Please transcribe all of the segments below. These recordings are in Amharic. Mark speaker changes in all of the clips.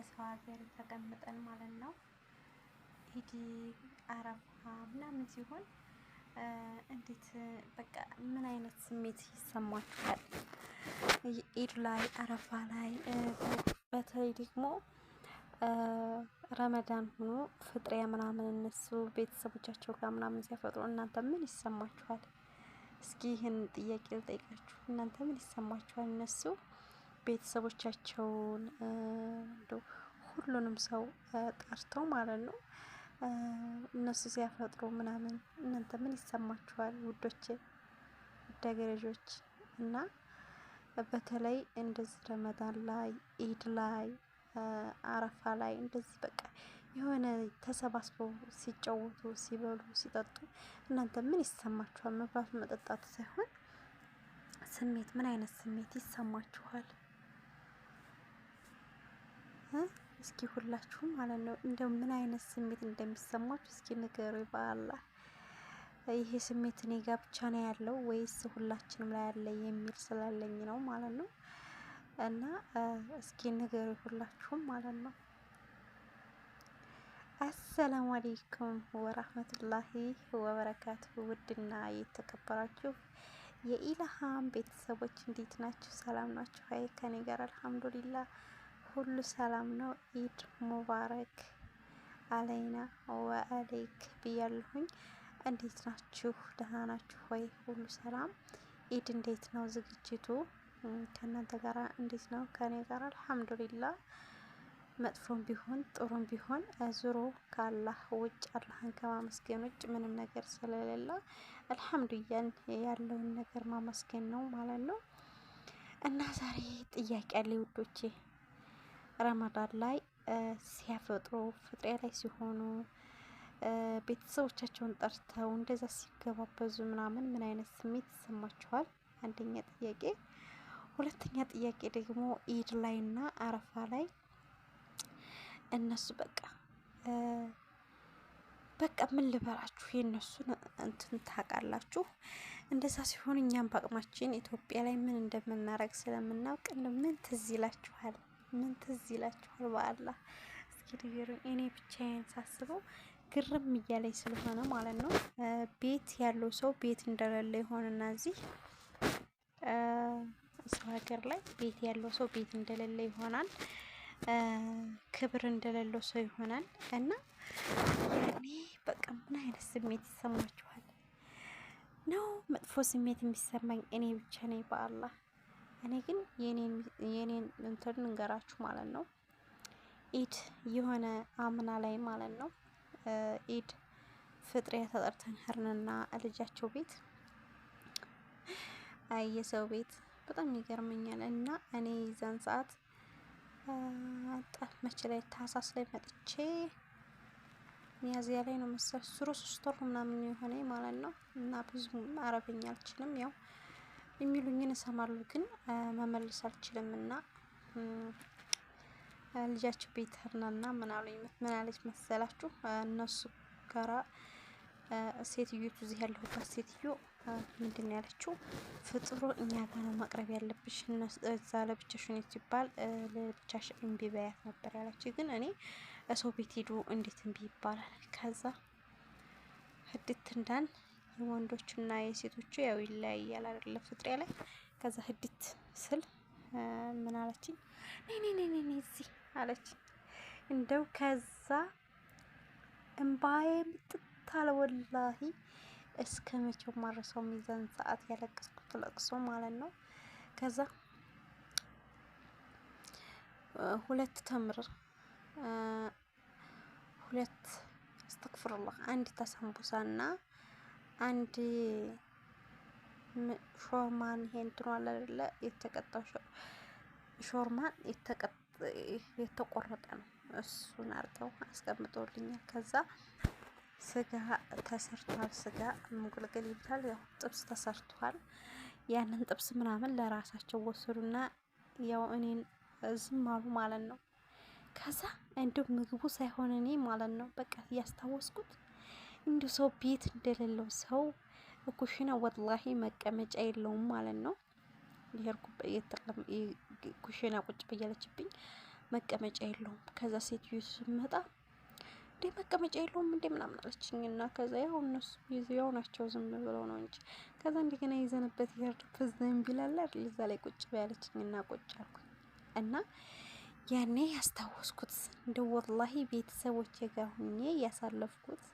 Speaker 1: በሰው ሀገር ተቀምጠን ማለት ነው ኢድ አረፋ ምናምን ሲሆን እንዴት በቃ ምን አይነት ስሜት ይሰማችኋል? ኢድ ላይ አረፋ ላይ በተለይ ደግሞ ረመዳን ሆኖ ፍጥሪያ ምናምን እነሱ ቤተሰቦቻቸው ጋር ምናምን ሲያፈጥሩ እናንተ ምን ይሰማችኋል? እስኪ ይህን ጥያቄ ልጠይቃችሁ። እናንተ ምን ይሰማችኋል? እነሱ ቤተሰቦቻቸውን እንደው ሁሉንም ሰው ጠርተው ማለት ነው እነሱ ሲያፈጥሩ ምናምን እናንተ ምን ይሰማችኋል ውዶች ደገረጆች እና በተለይ እንደዚህ ረመዳን ላይ ኢድ ላይ አረፋ ላይ እንደዚህ በቃ የሆነ ተሰባስበው ሲጫወቱ ሲበሉ ሲጠጡ እናንተ ምን ይሰማችኋል መብላት መጠጣቱ ሳይሆን ስሜት ምን አይነት ስሜት ይሰማችኋል እስኪ ሁላችሁም ማለት ነው እንደው ምን አይነት ስሜት እንደሚሰማችሁ እስኪ ንገሩ ይባላ። ይሄ ስሜት እኔ ጋ ብቻ ነው ያለው ወይስ ሁላችንም ላይ ያለ የሚል ስላለኝ ነው ማለት ነው። እና እስኪ ንገሩ ሁላችሁም ማለት ነው። አሰላሙ አሌይኩም ወራህመቱላሂ ወበረካቱሁ። ውድና የተከበራችሁ የኢልሃም ቤተሰቦች እንዴት ናችሁ? ሰላም ናችሁ? ሀይ ከኔ ጋር አልሐምዱሊላህ ሁሉ ሰላም ነው። ኢድ ሙባረክ አለይና ወአለይክ ብያለሁኝ። እንዴት ናችሁ? ደህና ናችሁ ወይ? ሁሉ ሰላም። ኢድ እንዴት ነው ዝግጅቱ? ከእናንተ ጋር እንዴት ነው? ከኔ ጋር አልሐምዱሊላ። መጥፎም ቢሆን ጥሩም ቢሆን ዙሮ ከአላህ ውጭ አላህን ከማመስገን ውጭ ምንም ነገር ስለሌለ አልሐምዱያን ያለውን ነገር ማመስገን ነው ማለት ነው። እና ዛሬ ጥያቄ አለ ውዶቼ ረመዳን ላይ ሲያፈጥሩ ፍጥሪያ ላይ ሲሆኑ ቤተሰቦቻቸውን ጠርተው እንደዛ ሲገባበዙ ምናምን ምን አይነት ስሜት ይሰማችኋል? አንደኛ ጥያቄ። ሁለተኛ ጥያቄ ደግሞ ኢድ ላይና አረፋ ላይ እነሱ በቃ በቃ ምን ልበላችሁ የእነሱን እንትን ታውቃላችሁ። እንደዛ ሲሆን እኛም በአቅማችን ኢትዮጵያ ላይ ምን እንደምናረግ ስለምናውቅ ምን ትዝ ይላችኋል? ምን ትዝ ይላችኋል? በአላህ እስኪ ንገሩኝ። እኔ ብቻዬን ሳስበው ግርም እያለኝ ስለሆነ ማለት ነው። ቤት ያለው ሰው ቤት እንደሌለ ይሆንና እዚህ ሰው ሀገር ላይ ቤት ያለው ሰው ቤት እንደሌለ ይሆናል። ክብር እንደሌለው ሰው ይሆናል። እና እኔ በቃ ምን አይነት ስሜት ይሰማችኋል? ነው መጥፎ ስሜት የሚሰማኝ እኔ ብቻ ነኝ በአላህ እኔ ግን የኔን እንትን ልንገራችሁ ማለት ነው። ኢድ የሆነ አምና ላይ ማለት ነው ኢድ ፍጥሪያ ተጠርተን ህርንና ልጃቸው ቤት የሰው ቤት በጣም ይገርመኛል። እና እኔ ይዘን ሰዓት መች ላይ ታህሳስ ላይ መጥቼ ሚያዝያ ላይ ነው መሰል ሱሮ ሶስት ወር ምናምን የሆነ ማለት ነው። እና ብዙ አረብኛ አልችልም ያው የሚሉኝን እሰማለሁ፣ ግን መመለስ አልችልም። እና ልጃቸው ቤተርና ና ሄድናና ምን አለች መሰላችሁ እነሱ ጋራ ሴትዮቱ እዚህ ያለሁባት ሴትዮ ምንድን ነው ያለችው? ፍጥሮ እኛ ጋር ነው ማቅረብ ያለብሽ፣ እዛ ለብቻሽን ይባል ለብቻሽ እምቢ በያት ነበር ያለች። ግን እኔ ሰው ቤት ሄዱ እንዴት እምቢ ይባላል? ከዛ ህድት እንዳን የወንዶቹና የሴቶቹ ያው ይለያያል አይደለ? ፍጥሪያ ላይ ከዛ ህድት ስል ምን አለችኝ? ነይ ነይ ነይ ነይ እዚህ አለች። እንደው ከዛ እምባዬ ምጥታል ወላሂ እስከ መቼው ማረሰው ሚዛን ሰዓት ያለቀስኩት ለቅሶ ማለት ነው። ከዛ ሁለት ተምር ሁለት አስተክፍሩላህ አንድ ታሳምቡሳ እና አንድ ሾርማን ይሄ እንትኑ አለ አይደለ? የተቀጣው ሾርማን የተቆረጠ ነው። እሱን አርገው አስቀምጦልኛል። ከዛ ስጋ ተሰርቷል። ስጋ ሙግልግል ይባላል። ያው ጥብስ ተሰርቷል። ያንን ጥብስ ምናምን ለራሳቸው ወሰዱና ያው እኔን ዝም አሉ ማለት ነው። ከዛ እንዲሁ ምግቡ ሳይሆን እኔ ማለት ነው በቃ እያስታወስኩት እንዲ ሰው ቤት እንደሌለው ሰው ኩሽና ወላሂ መቀመጫ የለውም ማለት ነው። ኩሽና ቁጭ በያለችብኝ መቀመጫ የለውም። ከዛ ሴትዮ ስመጣ እንዴ መቀመጫ የለውም እንዴ ምናምን አለችኝ። እና ከዛ ያው እነሱ ይዘው ናቸው ዝም ብለው ነው እንጂ ከዛ እንደገና ይዘንበት ይርድበት ዘንቢል አለ አይደል? እዛ ላይ ቁጭ ብያለችኝ እና ቁጭ አልኩኝ እና ያኔ ያስታወስኩት እንደ ወላሂ ቤተሰቦቼ ጋር ሁኜ ያሳለፍኩት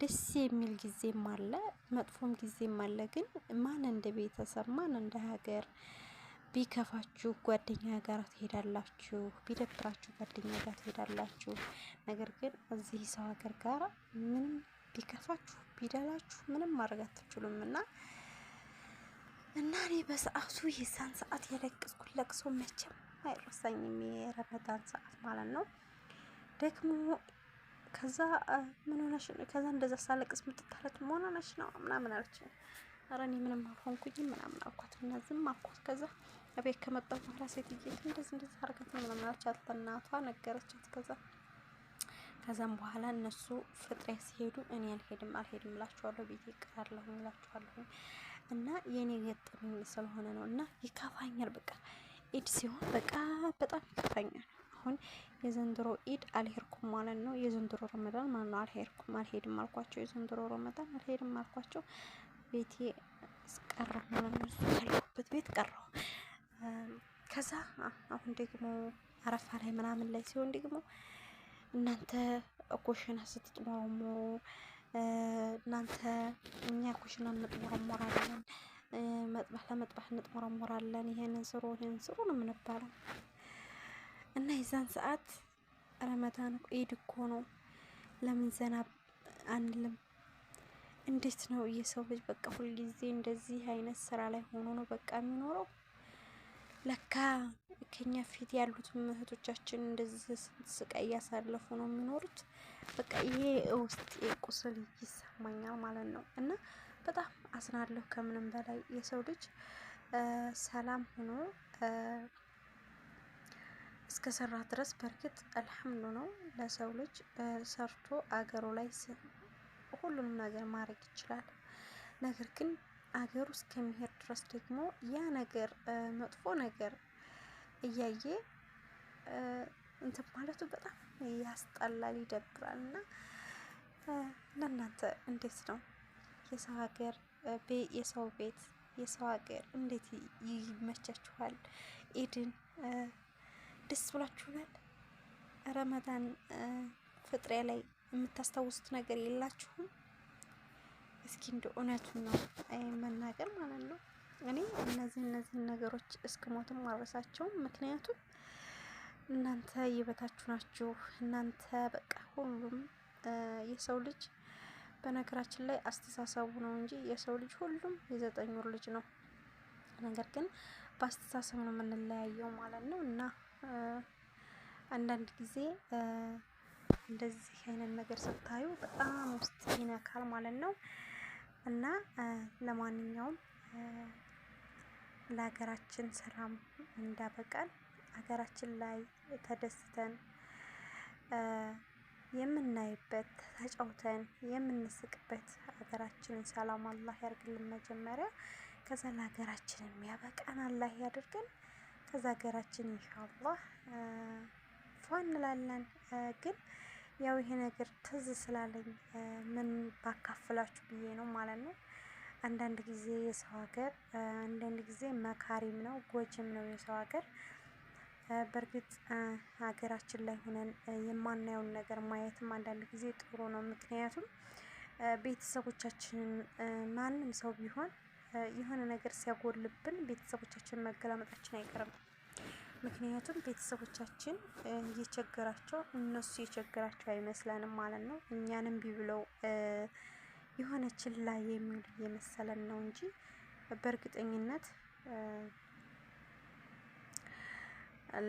Speaker 1: ደስ የሚል ጊዜም አለ፣ መጥፎም ጊዜም አለ። ግን ማን እንደ ቤተሰብ ማን እንደ ሀገር ቢከፋችሁ ጓደኛ ጋር ትሄዳላችሁ፣ ቢደብራችሁ ጓደኛ ጋር ትሄዳላችሁ። ነገር ግን እዚህ ሰው ሀገር ጋር ምንም ቢከፋችሁ ቢደላችሁ ምንም ማድረግ አትችሉም እና እና እኔ በሰዓቱ የዛን ሰዓት የለቅስኩት ለቅሶ መቼም አይረሳኝም። የረመዳን ሰዓት ማለት ነው ደግሞ ከዛ ምን ሆነሽ? ከዛ እንደዛ ሳለቅስ ምትታለች ምን ሆነሽ ነው ምናምን አለች። ኧረ እኔ ምንም አልሆንኩኝ ምናምን አልኳት እና ዝም አልኳት። ከዛ እቤት ከመጣሁ በኋላ ሴትዬ እንደዚህ እንደዚህ አድርገት ነው ምናምን አለቻት። ለእናቷ ነገረቻት። ከዛ ከዛም በኋላ እነሱ ፍጥሪያ ሲሄዱ እኔ አልሄድም አልሄድም እላችኋለሁ ብዬ እቀራለሁ እላችኋለሁ እና የእኔ ገጠመኝ ስለሆነ ነው እና ይከፋኛል። በቃ ኢድ ሲሆን በቃ በጣም ይከፋኛል። አሁን የዘንድሮ ኢድ አልሄድኩም ማለት ነው። የዘንድሮ ረመዳን ማለት ነው። አልሄድኩም አልሄድም አልኳቸው። የዘንድሮ ረመዳን አልሄድም አልኳቸው። ቤቴ ቀረሁ ማለት ነው። ያለሁበት ቤት ቀረው ከዛ አሁን ደግሞ አረፋ ላይ ምናምን ላይ ሲሆን ደግሞ እናንተ ኮሽና ስትጥሞረሞሩ እናንተ እኛ ኮሽና እንጥሞረሞራለን፣ መጥባህ ለመጥባህ እንጥሞረሞራለን። ይሄንን ስሩ ይሄንን ስሩ ነው የምንባለው። እና የዛን ሰዓት ረመዳን ኢድ እኮ ነው። ለምን ዘና አንልም? እንዴት ነው የሰው ልጅ በቃ ጊዜ እንደዚህ አይነት ስራ ላይ ሆኖ ነው በቃ የሚኖረው? ለካ ከኛ ፊት ያሉት እህቶቻችን እንደዚህ ስንት ስቃይ እያሳለፉ ነው የሚኖሩት። በቃ ይሄ ውስጥ ቁስል ይሰማኛል ማለት ነው እና በጣም አስናለሁ ከምንም በላይ የሰው ልጅ ሰላም ሆኖ እስከ ሰራ ድረስ በእርግጥ አልሐምዱ ነው። ለሰው ልጅ ሰርቶ አገሩ ላይ ሁሉንም ነገር ማድረግ ይችላል። ነገር ግን አገሩ እስከሚሄድ ድረስ ደግሞ ያ ነገር መጥፎ ነገር እያየ እንትን ማለቱ በጣም ያስጠላል፣ ይደብራል። እና ለእናንተ እንዴት ነው የሰው ሀገር የሰው ቤት የሰው ሀገር እንዴት ይመቻችኋል? ኢድን ደስ ብሏችሁናል? ረመዳን ፍጥሬ ላይ የምታስታውሱት ነገር የላችሁም? እስኪ እንደ እውነቱን ነው መናገር ማለት ነው። እኔ እነዚህ እነዚህን ነገሮች እስክሞትም አረሳቸውም። ምክንያቱም እናንተ የበታችሁ ናችሁ። እናንተ በቃ ሁሉም የሰው ልጅ በነገራችን ላይ አስተሳሰቡ ነው እንጂ የሰው ልጅ ሁሉም የዘጠኝ ወር ልጅ ነው። ነገር ግን በአስተሳሰብ ነው የምንለያየው ማለት ነው እና አንዳንድ ጊዜ እንደዚህ አይነት ነገር ስታዩ በጣም ውስጥ ይነካል ማለት ነው። እና ለማንኛውም ለሀገራችን ሰላም እንዳበቃን ሀገራችን ላይ ተደስተን የምናይበት ተጫውተን የምንስቅበት ሀገራችንን ሰላም አላህ ያርግልን መጀመሪያ። ከዛ ለሀገራችን የሚያበቃን አላህ ያድርግን። ከዛ ሀገራችን ኢንሻአላህ ፏ እንላለን። ግን ያው ይሄ ነገር ትዝ ስላለኝ ምን ባካፍላችሁ ብዬ ነው ማለት ነው። አንዳንድ ጊዜ የሰው ሀገር አንዳንድ ጊዜ መካሪም ነው ጎጅም ነው የሰው ሀገር። በእርግጥ ሀገራችን ላይ ሆነን የማናየውን ነገር ማየትም አንዳንድ ጊዜ ጥሩ ነው። ምክንያቱም ቤተሰቦቻችንን ማንም ሰው ቢሆን የሆነ ነገር ሲያጎልብን ቤተሰቦቻችን መገላመጣችን አይቀርም። ምክንያቱም ቤተሰቦቻችን እየቸገራቸው እነሱ የቸገራቸው አይመስለንም ማለት ነው። እኛንም ቢብለው የሆነ ችላ የሚሉ እየመሰለን ነው እንጂ በእርግጠኝነት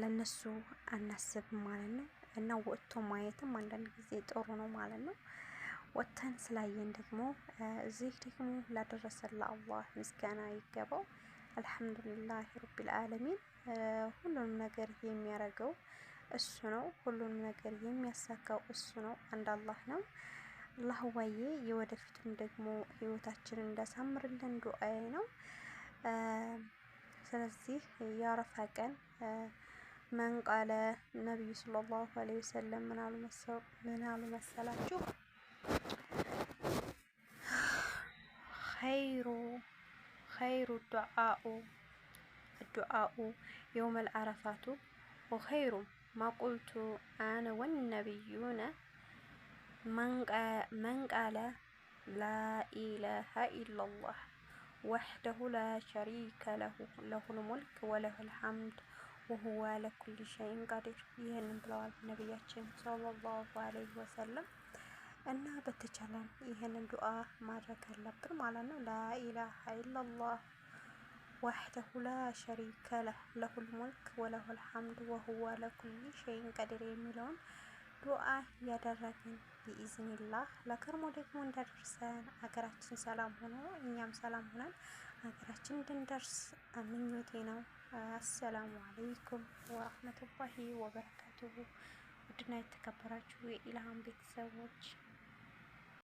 Speaker 1: ለነሱ አናስብም ማለት ነው። እና ወጥቶ ማየትም አንዳንድ ጊዜ ጥሩ ነው ማለት ነው። ወጥተን ስላየን ደግሞ እዚህ ደግሞ ላደረሰን ለአላህ ምስጋና ይገባው። አልሐምዱሊላህ ረቢል ዓለሚን ሁሉንም ነገር የሚያደርገው እሱ ነው። ሁሉንም ነገር የሚያሳካው እሱ ነው። አንድ አላህ ነው። አላህ ዋዬ የወደፊቱን ደግሞ ህይወታችንን እንዳሳምርልን ዱአዬ ነው። ስለዚህ የአረፋ ቀን መንቃለ ነቢዩ ሰለላሁ ዐለይሂ ወሰለም ምን አሉ መሰላችሁ? ኸይሩ وخير الدعاء الدعاء يوم العرفات وخير ما قلت أنا والنبيون من قال, لا إله إلا الله وحده لا شريك له له الملك وله الحمد وهو على كل شيء قدير بلوال ብለዋል صلى الله عليه وسلم እና በተቻለን ይህንን ዱዓ ማድረግ አለብን ማለት ነው። ላኢላሀ ኢለላህ ዋህደሁ ላ ሸሪከ ለህ ለሁል ሙልክ ወለሁል ሐምድ ወሁወ ለኩል ሸይን ቀዲር የሚለውን ዱዓ እያደረግን ቢኢዝኒላህ ለከርሞ ደግሞ እንደደርሰን ሀገራችን ሰላም ሆኖ እኛም ሰላም ሆነን ሀገራችን እንድንደርስ ምኞቴ ነው። አሰላሙ አለይኩም ወረህመቱላሂ ወበረካቱሁ። ውድና የተከበራችሁ የኢልሃም ቤተሰቦች